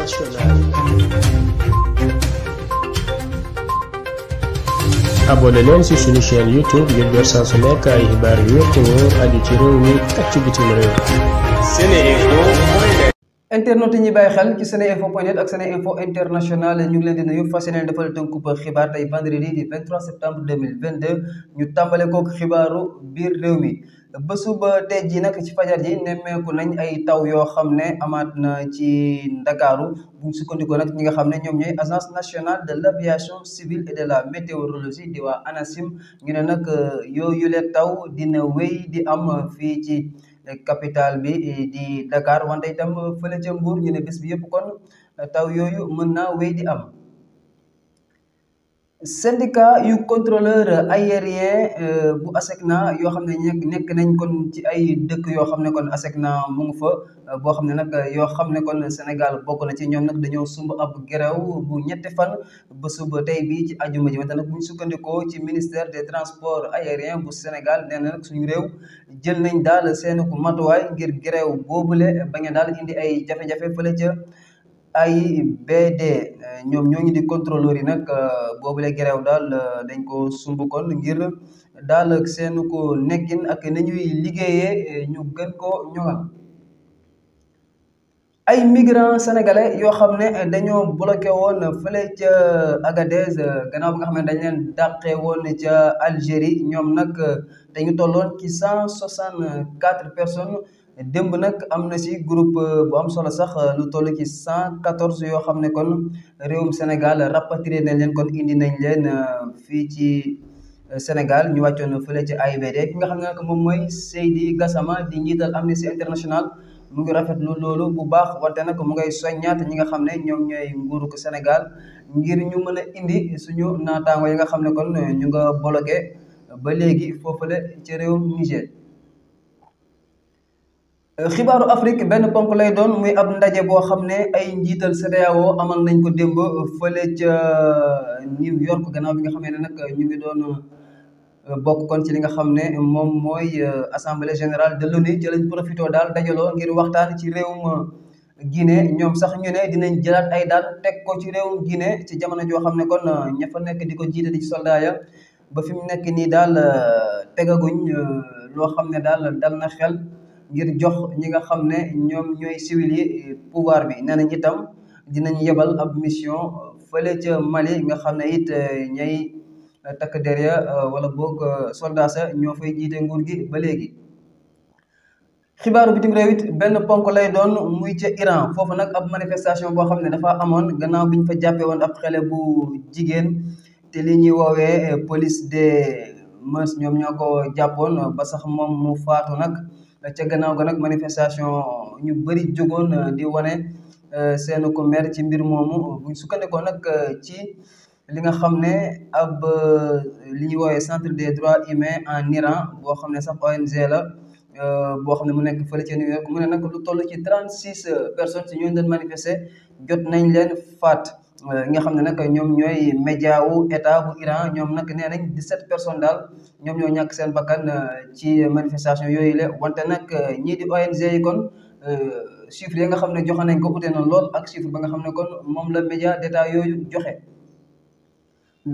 internationale. abonné leen ci suñu chaîne youtube ngir jot saa su nekk ay xibaar yu wér ci réew mi ak ci bitim réew. SeneInfo. internet yi ñuy bàyyi xel ci seneinfo.net ak seneinfo international ñu ngi leen di nuyu fas yéene defal tënku ba xibaar tey vendredi di 23 septembre ñu tàmbale kook xibaaru biir réew mi. bésu ba tey jii nag ci fajar ji nemmeeku nañ ay taw yoo xam ne amaat na ci ndakaaru bu sukkandikoo nag ñi nga xam ne ñoom ñooy agence nationale de l' aviation civile et de la météorologie di waa ANACIM ñu ne nag euh, yooyule taw dina wéy di am fii ci capitale bi eh, di Dakar wante itam fële ca Mbuur ñu ne bés bi yëpp kon taw yooyu mën naa wéy di am. syndicat yu contrôleur aérien euh, bu ASECNA yoo xam ne nekk nañ kon ci ay dëkk yoo xam ne kon ASECNA mu ngi fa euh, boo xam ne nag yoo xam ne kon Sénégal bokk na ci ñoom nag dañoo sumb ab grève bu ñetti fan ba suba tey bi ci ajuma ji wante nag bu sukkandikoo ci ministère des transports aériens bu Sénégal nee na suñu réew jël nañ daal seen ku matuwaay ngir grève boobule bañ a daal indi ay jafe-jafe fële ca. ay AIBD eh, ñoom ñoo ñooñu di contrôleur yi nag eh, boobule grève daal eh, dañ ko sumb kon ngir daal ak seen ko nekkin ak na ñuy liggéeyee ñu gën ko ñoŋal. ay migrants sénégalais yoo xam ne dañoo bloqué woon fële ca Agadez gannaaw bi nga xam ne dañ leen dàqee woon ca Algérie ñoom nag dañu tolloon ci cent soixante quatre personnes. démb nag am na ci groupe euh, bu am solo sax euh, lu toll ci cent quatorze yoo xam ne kon réewum Sénégal rapatrié nañ leen kon indi nañ leen euh, fii ci Sénégal ñu wàccoon fële ci AIBD ki nga xam ne nag moom mooy Seydi Gassama di njiital Amnesty International mu ngi rafetlu loolu bu baax wante nag mu ngay soññaat ñi nga xam ne ñoom ñooy ko Sénégal ngir ñu mën a indi suñu naataango yi nga xam ne kon ñu nga bloqué ba léegi foofu foofule ci réewum Niger. xibaaru Afrique benn ponk lay doon muy ab ndaje boo xam ne ay njiital CEDEAO amal nañ ko démb fële ca euh, New York gannaaw bi nga xam ne nag ñu ngi doon euh, bokk kon ci li nga xam ne moom mooy euh, assemblée générale de l'ONU ci profité daal dajaloo ngir waxtaan ci réewum Guinée ñoom sax ñu ne dinañ jëlaat ay daal teg ko ci réew réewum Guinée ci jamono joo xam ne kon ña fa nekk di ko jiite di ci soldat ya ba fi mu nekk nii daal tegaguñ loo xam ne daal dal na xel. ngir jox ñi nga xam ne ñoom ñooy civil yi eh, pouvoir bi nee nañ itam dinañ yebal ab mission eh, fële ca Mali nga xam ne it eh, ñay takk der ya wala boog soldat ñoo fay jiite nguur gi ba léegi. xibaar bitim réew it benn ponk lay doon muy ca foofu nag ab manifestation boo xam ne dafa amoon gannaaw bi ñu fa jàppee woon ab xale bu jigéen te li ñuy woowee police de mœurs ñoom ñoo ko jàppoon ba sax moom mu faatu nag. Euh, ca gannaaw ga nag manifestation ñu bëri jógoon euh, di wane euh, seen ku mer ci mbir moomu buñ sukkandikoo nag ci li nga xam ne ab li ñuy woowee centre de droits humains en Iran boo xam ne sax ONG la boo xam ne mu nekk fële ca New York mu ne nag lu toll ci trente six personnes si ñooñu doon manifester jot nañ leen faat. Euh, nga xam ne nag ñoom ñooy média wu état wu Iran ñoom nag nee nañ 17 personnes daal ñoom ñoo ñàkk seen bakkan euh, ci manifestation yooyu la wante nag euh, ñii di ONG yi kon chiffre yi nga xam ne joxe nañ ko ute na lool ak chiffre ba nga xam ne kon moom la média d'état yooyu joxe.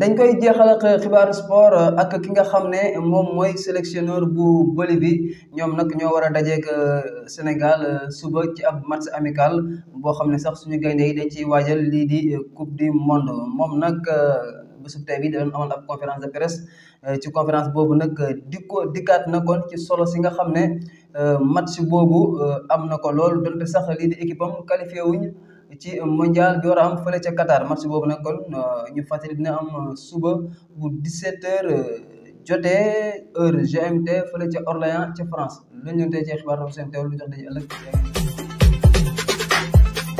dañ koy jeexal xibaar xibaaru sport euh, ak ki nga xam ne moom mooy sélectionneur bu Bolivie ñoom nag ñoo war a dajeek euh, Sénégal euh, suba ci ab match amical boo xam ne sax suñu gaynde yi dañ ciy waajal lii di coupe du monde moom nag bésu tey bi da doon amal ab conférence de presse ci conférence boobu nag dikko dikkaat na ko ci solo si nga xam ne match boobu am na ko lool donte sax lii di équipe wuñ. ci mondial bi war a am fële ca Qatar match boobu nag kon euh, ñu fàttali dina am suba bu 17h euh, jotee heure GMT fële ca Orléans ca France lu ñu doon tey ci xibaar yi seen teewlu jox dañuy ëllëg.